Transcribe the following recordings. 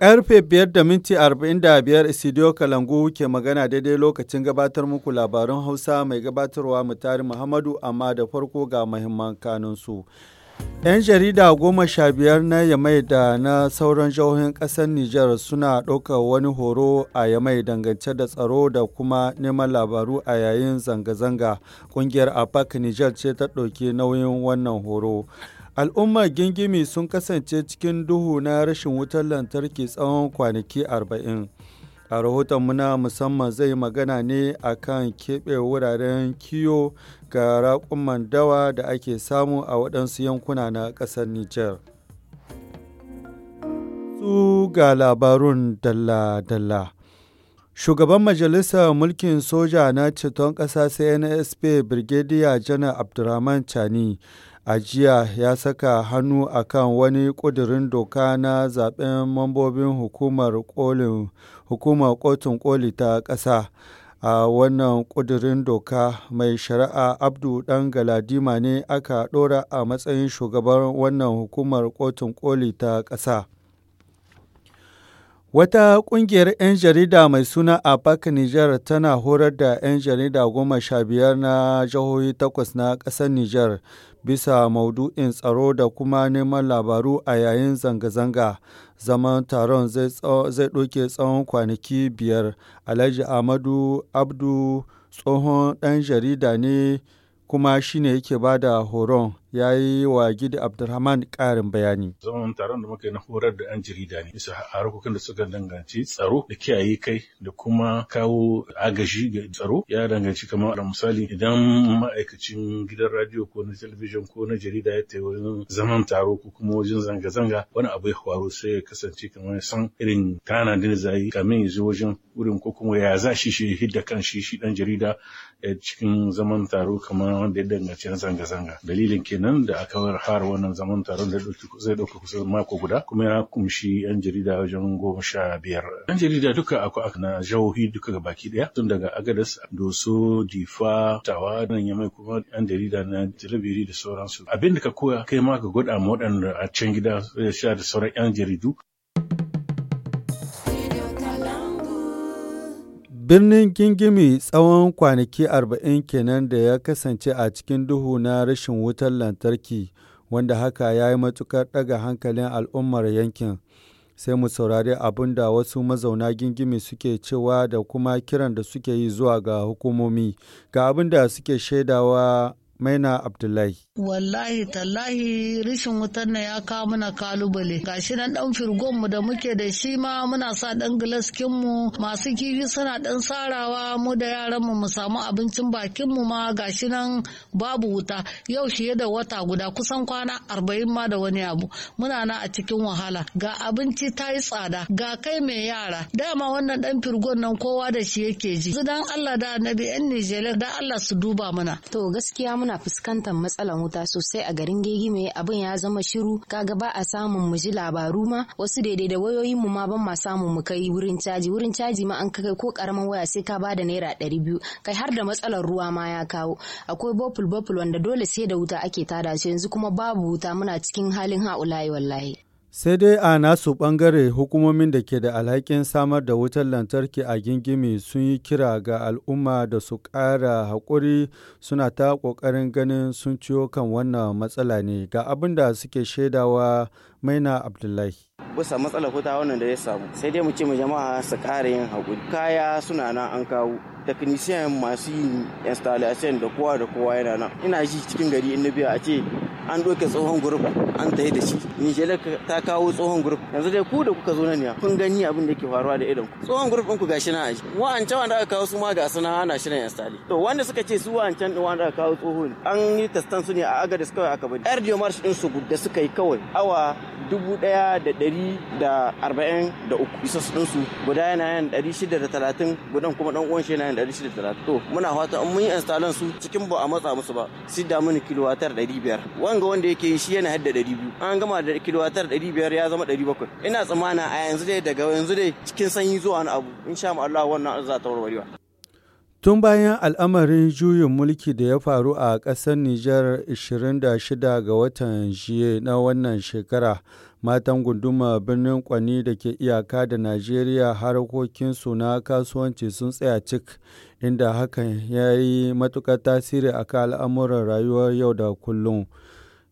Karfe biyar da minti 45 da Isidiyo Kalangu ke magana daidai lokacin gabatar muku labarun Hausa mai gabatarwa mutari Muhammadu amma da farko ga mahimman kanunsu. 'Yan jarida goma sha biyar na Yamai da na sauran jihohin ƙasar Nijar suna ɗaukar wani horo a Yamai dangance da tsaro da kuma neman labaru a yayin zanga-zanga. Ƙungiyar APAC Nijar ce ta ɗauki nauyin wannan horo. Al'ummar Gingimi sun kasance cikin duhu na rashin wutar lantarki tsawon kwanaki 40. A rahoton muna musamman zai magana ne a kan keɓe wuraren kiyo ga raƙun dawa da ake samu a waɗansu yankuna na ƙasar Nijar. Su ga labarun dalla-dalla. Shugaban majalisa Mulkin Soja na Ceton Ƙasa CNSP Brigadier Janar Abdurrahman Chani a jiya ya saka hannu a kan wani ƙudurin doka na zaɓen mambobin hukumar kotun koli ta ƙasa a wannan ƙudurin doka mai shari'a abdu dan galadima ne aka ɗora a matsayin shugaban wannan hukumar kotun koli ta ƙasa Wata ƙungiyar 'yan jarida mai suna APAC Niger tana horar da 'yan jarida goma sha biyar na jihohi takwas na ƙasar Niger bisa maudu'in tsaro da kuma neman labaru a yayin zanga-zanga. Zaman taron zai ɗauke tsawon kwanaki biyar. Alhaji Ahmadu Abdu tsohon ɗan jarida ne kuma shine yake bada horon. ya yi wa Gidi Abdulrahman ƙarin bayani. Zaman taron da muka yi na horar da 'yan jarida ne bisa harkokin da suka danganci tsaro da kiyaye kai da kuma kawo agaji ga tsaro ya danganci kamar da misali idan ma'aikacin gidan radio ko na talabijin ko na jarida ya ta zaman taro ko kuma wajen zanga-zanga wani abu ya faru sai ya kasance kamar san irin tanadin da zai kamin ya zo wajen wurin ko kuma ya za shi shi hidda kan shi shi dan jarida eh, cikin zaman taro kamar wanda ya danganci na zanga-zanga dalilin ke kenan da aka fara wannan zaman taron da zai dauka kusan mako guda kuma ya kumshi 'yan jarida wajen goma sha biyar. 'Yan jarida duka akwai aka na jihohi duka ga baki ɗaya tun daga Agadas, Doso, Difa, Tawa, nan ya mai kuma 'yan jarida na jirabiri da sauransu. Abin da ka koya kai ma ka gwada ma waɗanda a can gida eh, sha da sauran 'yan jaridu Birnin Gingimi tsawon kwanaki arba'in kenan da ya kasance a cikin duhu na rashin wutar lantarki, wanda haka ya yi matukar ɗaga hankalin al'ummar yankin. Sai mu saurari abin da wasu mazauna Gingimi suke cewa da kuma kiran da suke yi zuwa ga hukumomi, ga abin da suke shaidawa Maina Abdullahi. Wallahi tallahi rishin wutar na ya kawo mana kalubale. Gashi nan dan firgon mu da muke da shi ma muna sa dan gilaskin mu masu kifi suna dan sarawa mu da yaran mu mu samu abincin bakin mu ma gashi nan babu wuta. Yau shi da wata guda kusan kwana arba'in ma da wani abu. Muna na a cikin wahala. Ga abinci ta yi tsada. Ga kai mai yara. Dama wannan dan firgon nan kowa da shi yake ji. Zidan Allah da annabi 'yan Nijeriya da Allah su duba mana. To gaskiya muna fuskantar matsalar wuta sosai a garin gegime abin ya zama shiru kaga ba a samun mu ji labaru ma wasu daidai da wayoyin mu ma ban ma samun mu kai wurin caji wurin caji ma an kai ko karaman waya sai ka ba da naira ɗari biyu kai har da matsalar ruwa ma ya kawo akwai bopul bopul wanda dole sai da wuta ake tada shi yanzu kuma babu wuta muna cikin halin ha'ulayi wallahi Sai dai a nasu ɓangare hukumomin da ke da alhakin samar da wutar lantarki a gingimi sun yi kira ga al'umma da su ƙara haƙuri suna ta ƙoƙarin ganin sun ciyo kan wannan matsala ne ga abin da suke shaidawa maina abdullahi. bisa matsala kuta wannan da ya samu sai dai mu ce mu jama'a su ƙara yin haƙuri kaya suna nan an kawo technician masu yin installation da kowa da kowa yana nan ina ji cikin gari in na biya a ce an doke tsohon gurup an tahi da shi nigeria ta kawo tsohon gurup yanzu dai ku da kuka zo nan ne kun gani abin da ke faruwa da idan ku tsohon gurup ɗin ku gashi na aji wa'ancan wanda aka kawo su ma ga suna ana shirin ya stali. to wanda suka ce su wa'ancan can wanda aka kawo tsohon ne an yi tastan su ne a suka kawai aka bari de marche din su da suka yi kawai awa dubu ɗaya da ɗari da arba'in da uku isa su ɗinsu guda yana yan ɗari shida da talatin gudan kuma ɗan uwan shi yana yan ɗari shida da talatin to muna fata mun yi installan su cikin ba a matsa musu ba su da mini kilowatar ɗari biyar an ga wanda yake shi yana hadda ɗari biyu an gama da kilowatar ɗari biyar ya zama ɗari bakwai ina tsammana a yanzu dai daga yanzu dai cikin sanyi zuwa wani abu in sha Allah wannan za ta warwarewa. Tun bayan al'amarin juyin mulki da ya faru a kasar Nijar 26 ga watan jiye na wannan shekara, matan gunduma birnin Kwani da ke iyaka da Najeriya harkokinsu na kasuwanci sun tsaya cik, inda hakan ya yi matuƙar tasiri akan al'amuran rayuwar yau da kullum.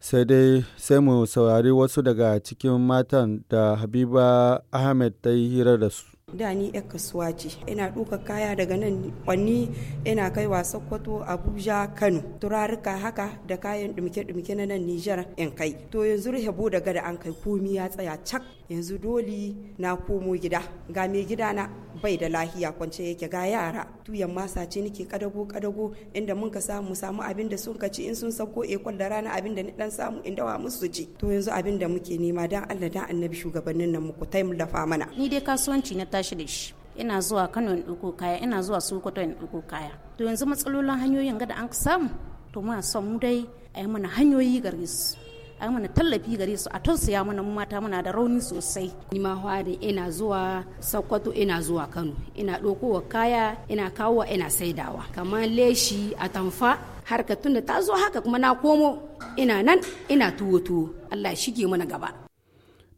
sai dai sai mu saurari wasu daga cikin matan da habiba ahmed ta yi hira da su da ni yar kasuwa ce ina duka kaya daga nan kwanni ina kaiwa sokoto abuja kano turaruka haka da kayan ɗumke-ɗumke na nan nijar in kai to yanzu hebo daga da an kai komi ya tsaya cak yanzu doli na komo gida ga mai gida na bai da lahiya kwance yake ga yara tuyan masa ce nake kadago kadago inda mun ka samu samu abin da sun ci in sun sauko e da rana abin da ni dan samu in dawa musu ci to yanzu abin da muke nema dan Allah dan annabi shugabannin nan muku fa mana ni dai kasuwanci na tashi da shi ina zuwa Kano in ɗauko kaya ina zuwa Sokoto in ɗauko kaya to yanzu matsalolin hanyoyin ga da an samu to muna son mu dai ayi mana hanyoyi gare su a mana tallafi gare su a tausaya mana mu mata muna da rauni sosai ni ma ina zuwa Sokoto ina zuwa Kano ina ɗaukowa kaya ina kawo ina saidawa kamar leshi a atamfa harka tunda ta zo haka kuma na komo ina nan ina tuwo tuwo Allah shige mana gaba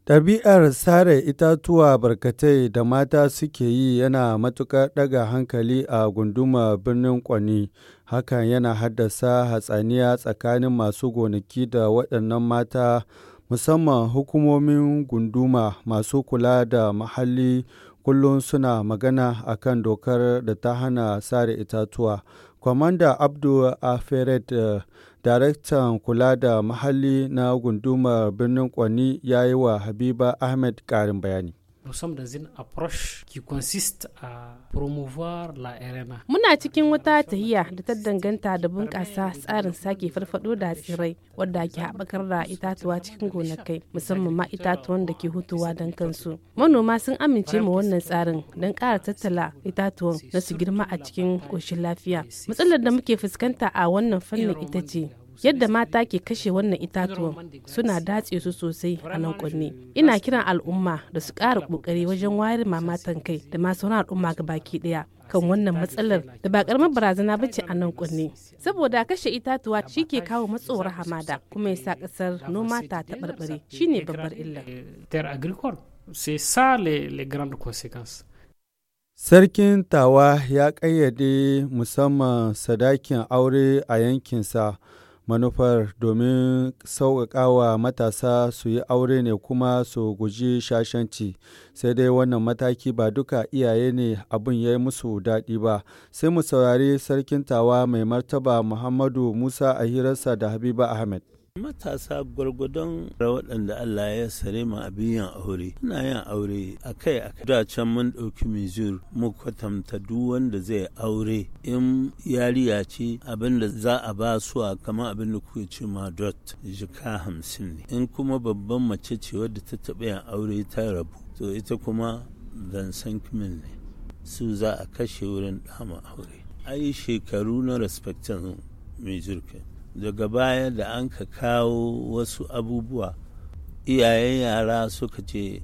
Ɗabi'ar sare itatuwa barkatai da mata suke yi yana matuƙar ɗaga hankali a gunduma birnin Kwani hakan yana haddasa hatsaniya tsakanin masu gonaki da waɗannan mata musamman hukumomin gunduma masu kula da mahalli kullum suna magana a kan dokar da ta hana sare itatuwa kwamanda abdu aferet eh, daraktan kula da mahalli na gundumar birnin kwani ya yi wa habiba ahmed karin bayani Nous sommes dans une approche qui consiste à promouvoir la RNA. Muna cikin wata tahiya da ta danganta da bunƙasa tsarin sake farfaɗo da tsirrai wadda ke haɓakar da itatuwa cikin gonakai musamman ma itatuwan da ke hutuwa don kansu. Manoma sun amince ma wannan tsarin don ƙara tattala itatuwan na su girma a cikin ƙoshin lafiya. Matsalar da muke fuskanta a wannan fannin ita ce Yadda mata ke kashe wannan itatuwan suna datse su sosai a nan kunne. Ina kiran al'umma da su ƙara ƙoƙari wajen wayar mamatan kai da ma sauran al'umma ga baki ɗaya. kan wannan matsalar da ba karamar barazana ba ce a nan kunne saboda kashe itatuwa shi ke kawo matsowar hamada kuma yasa sa kasar noma ta taɓarɓare shine babbar illar Sarkin Tawa ya ƙayyade musamman sadakin aure a yankinsa Manufar domin sauƙaƙa wa matasa su yi aure ne kuma su guji shashanci, sai dai wannan mataki ba duka iyaye ne abin ya yi musu daɗi ba. Sai mu saurari sarkin tawa mai martaba Muhammadu Musa a hirarsa da Habiba Ahmed. Matasa gwargwadon waɗanda Allah ya sare ma abin yin aure. Muna yin aure akai akai. Da can mun ɗauki mizur mu kwatanta duk wanda zai aure in yariya ce abin da za a ba su a kama abin da kuke ce ma dot jika hamsin ne. In kuma babban mace ce wadda ta taɓa yin aure ta rabu. To ita kuma zan san kimin ne. Su za a kashe wurin ɗama aure. Ai shekaru na respectin mai zurfin. daga baya da an ka kawo wasu abubuwa iyayen yara suka ce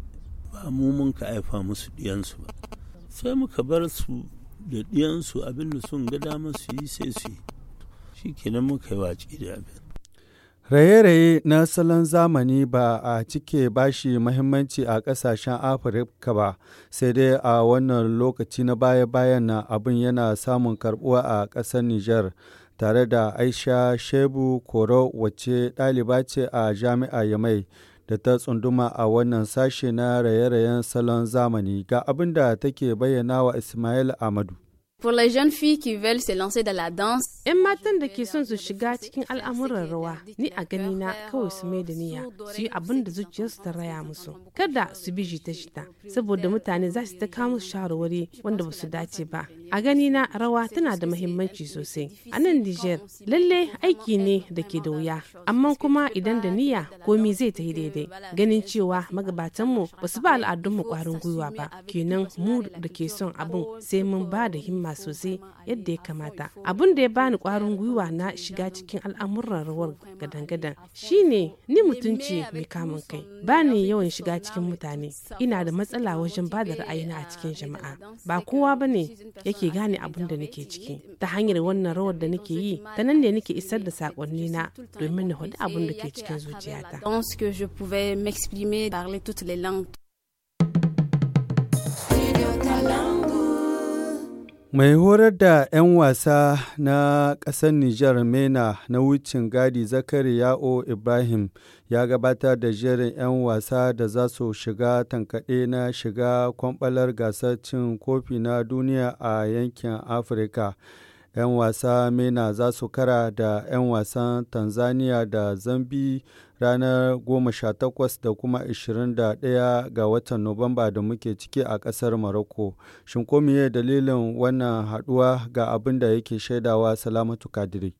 ba mu mun ka aifa musu diyansu ba sai muka bar su da diyansu abin da sun ga dama su yi sai su yi shi kenan muka yi waci da abin raye-raye na salon zamani ba a cike bashi mahimmanci a kasashen afirka ba sai dai a wannan lokaci na baya-bayan na abin yana samun karbuwa a ƙasar niger tare da Aisha Shebu Koro wacce ɗaliba ce a jami'a Yamai da ta tsunduma a wannan sashe na raye-rayen salon zamani ga abin da take bayyana wa Ismail Amadu. Pour les jeunes filles qui veulent se lancer dans la danse, 'Yan matan da ke son su shiga cikin al'amuran rawa ni a ganina kawai su mai da niyya su yi abin da zuciyarsu ta raya musu. Kada su bi shi jita jita saboda mutane za su ta kawo musu shawarwari wanda ba su dace ba. A ganina rawa tana da mahimmanci sosai. A nan Niger lalle aiki ne da ke da wuya amma kuma idan da niyya komi zai ta yi daidai ganin cewa magabatanmu ba su ba al'adunmu kwarin gwiwa ba kenan mu da ke son abin sai mun ba da himma sosai yadda ya kamata. Abin da ya ba bani kwarin gwiwa na shiga cikin al'amuran rawar gadan-gadan ne ni mutunci mai kamun kai ba ni yawan shiga cikin mutane ina da matsala wajen ba da ra'ayina a cikin jama'a ba kowa ba ne yake gane abin da nake ciki ta hanyar wannan rawar da nake yi ta nan ne nake isar da sakonni na domin na hudu abin da ke cikin zuciyata talent. Mai horar da 'yan wasa na ƙasar Nijar MENA na wucin gadi Zakari Ya'o Ibrahim ya gabatar da jerin 'yan wasa da za su shiga tankaɗe na shiga kwamɓalar gasar cin kofi na duniya a yankin Afirka. 'Yan wasa MENA za su kara da 'yan wasan Tanzania da Zambi ranar 18 da kuma 21 ga watan Nuwamba da muke ciki a kasar Morocco. Shin ko miye dalilin wannan haduwa ga abin da yake shaidawa Salamatu Kadiri?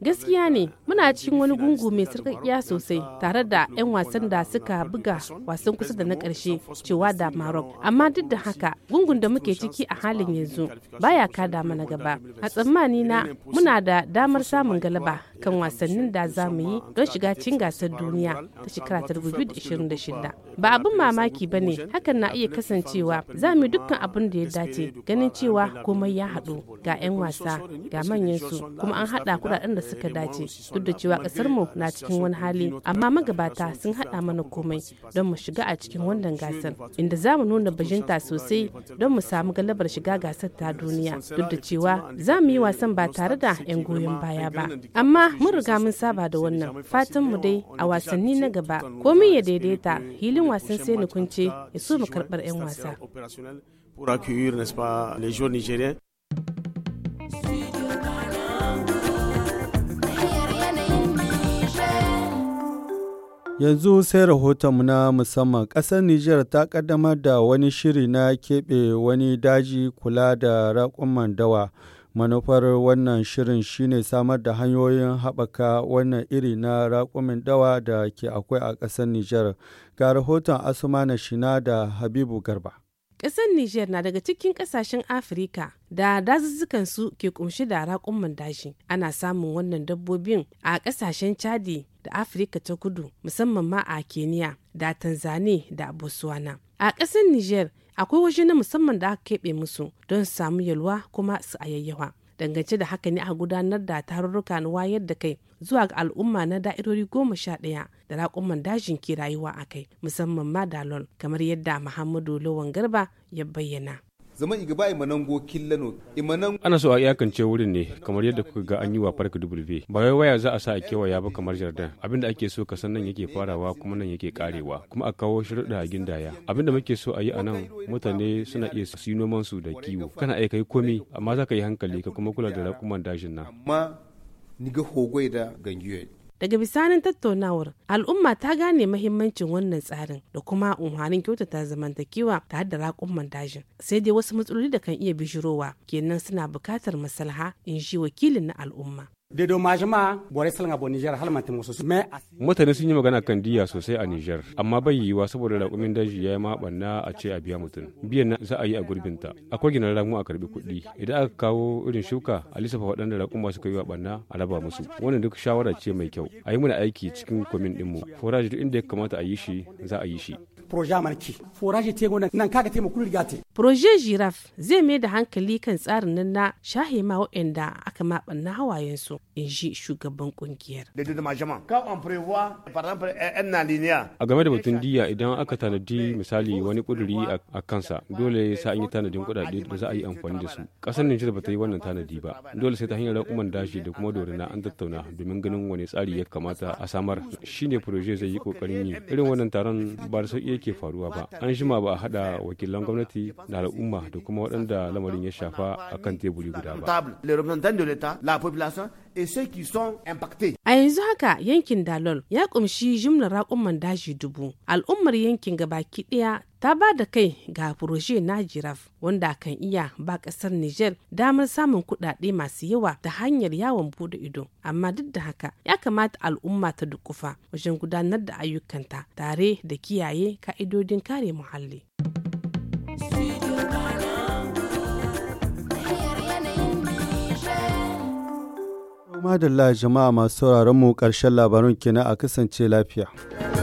gaskiya ne muna cikin wani gungu mai sarƙaƙiya sosai tare da 'yan wasan da suka buga wasan kusa da na ƙarshe cewa da maroc amma duk da haka gungun da muke ciki a halin yanzu baya kada mana gaba a tsammani na muna da damar samun galaba kan wasannin da za mu yi don shiga cikin gasar duniya ta shekara 2026 ba abin mamaki ba ne hakan na iya kasancewa za mu yi dukkan abin da ya dace ganin cewa komai ya haɗu ga 'yan wasa ga manyan su kuma an haɗa kuɗaɗen da suka dace duk da cewa kasar mu na cikin wani hali amma magabata sun haɗa mana komai don mu shiga a cikin wannan gasar inda za mu nuna bajinta sosai don mu samu galabar shiga gasar ta duniya duk da cewa za mu yi wasan ba tare da 'yan goyon baya ba amma mun riga mun saba da wannan fatan mu dai a wasanni na gaba komai ya daidaita hilin wasan sai ni kunce ya so mu karɓar 'yan wasa. pour accueillir, n'est-ce pas, les joueurs nigériens. Yanzu sai rahotonmu na musamman ƙasar Nijar ta ƙaddamar da wani shiri na keɓe wani daji kula da rakumin dawa. Manufar wannan shirin shine samar da hanyoyin haɓaka wannan iri na raƙumin dawa da ke akwai a ƙasar Nijar. Ga rahoton na Shina da Habibu Garba. Ƙasar Nijar na daga cikin ƙasashen Afirka da dazuzzukansu ke kumshi da raƙumman daji. Ana samun wannan dabbobin a ƙasashen Chadi da Afirka ta kudu musamman ma a Keniya da Tanzania da Botswana. A ƙasar Nijar akwai waje na musamman da aka keɓe musu don samu yalwa kuma su ayayyawa. dangance da haka ne a gudanar da tarurruka na wayar da kai zuwa ga al'umma na da'irori goma sha ɗaya da raƙuman dajin ke rayuwa a kai musamman ma dalon kamar yadda muhammadu lawan garba ya bayyana zaman imanan imanango killano imanan ana so a iyakance wurin ne kamar yadda kuka ga an yi wa farka dubulbe ba wai waya za a sa a kewaya ba kamar jardin abinda ake so ka san nan yake farawa kuma nan yake karewa kuma a kawo shirɗa a gindaya abinda muke so a yi a nan mutane suna iya su noman su da kiwo kana aika yi komi amma za ka yi hankali ka kuma kula da rakuman dajin nan amma ni ga hogoi da gangiyoyi daga bisanin tattaunawar al'umma ta gane mahimmancin wannan tsarin da kuma unhanin kyautata zamantakewa ta da raƙun dajin sai dai wasu matsaloli da kan iya bishirowa kenan suna bukatar masalha in shi wakilin na al'umma Mutane sun yi magana kan diya sosai a Nijar, amma bai yiwuwa saboda raƙumin daji ya yi maɓanna a ce a biya mutum. Biyan na za a yi a gurbin ta. Akwai ginan ramu a karbi kuɗi. Idan aka kawo irin shuka, a lissafa waɗanda ba suka yi wa a raba musu. Wannan duk shawara ce mai kyau. A yi mana aiki cikin kwamin ɗinmu. Foraji duk inda ya kamata a yi shi, za a yi shi. Foraji te nan te mu projet Giraffe zai mai da hankali kan tsarin nan na shahe ma waɗanda aka maɓan na hawayensu in ji shugaban kungiyar. A game da batun diya idan aka tanadi misali wani kuduri a kansa dole sa an yi tanadin kudade da za a yi amfani da su. Ƙasar Nijar ba ta yi wannan tanadi ba. Dole sai ta hanyar rakuman dashi da kuma dorina an tattauna domin ganin wani tsari ya kamata a samar. shi ne proje zai yi kokarin yi. Irin wannan taron ba da sauƙi yake faruwa ba. An shima ba a haɗa wakilan gwamnati da al'umma da kuma waɗanda lamarin ya shafa a kan teburi guda ba. A yanzu haka yankin Dalol ya kumshi jimlar raƙumman daji dubu. Al'ummar yankin gabaki ɗaya ta ba da kai ga furoje na jiraf wanda kan iya ba ƙasar Nijar damar samun kuɗaɗe masu yawa ta hanyar yawon buɗe ido. Amma duk da haka ya kamata al'umma ta dukufa wajen gudanar da ayyukanta tare da kiyaye ka'idodin kare muhalli. Madalla jama'a masu sauraron mu ƙarshen labarin kenan a kasance lafiya.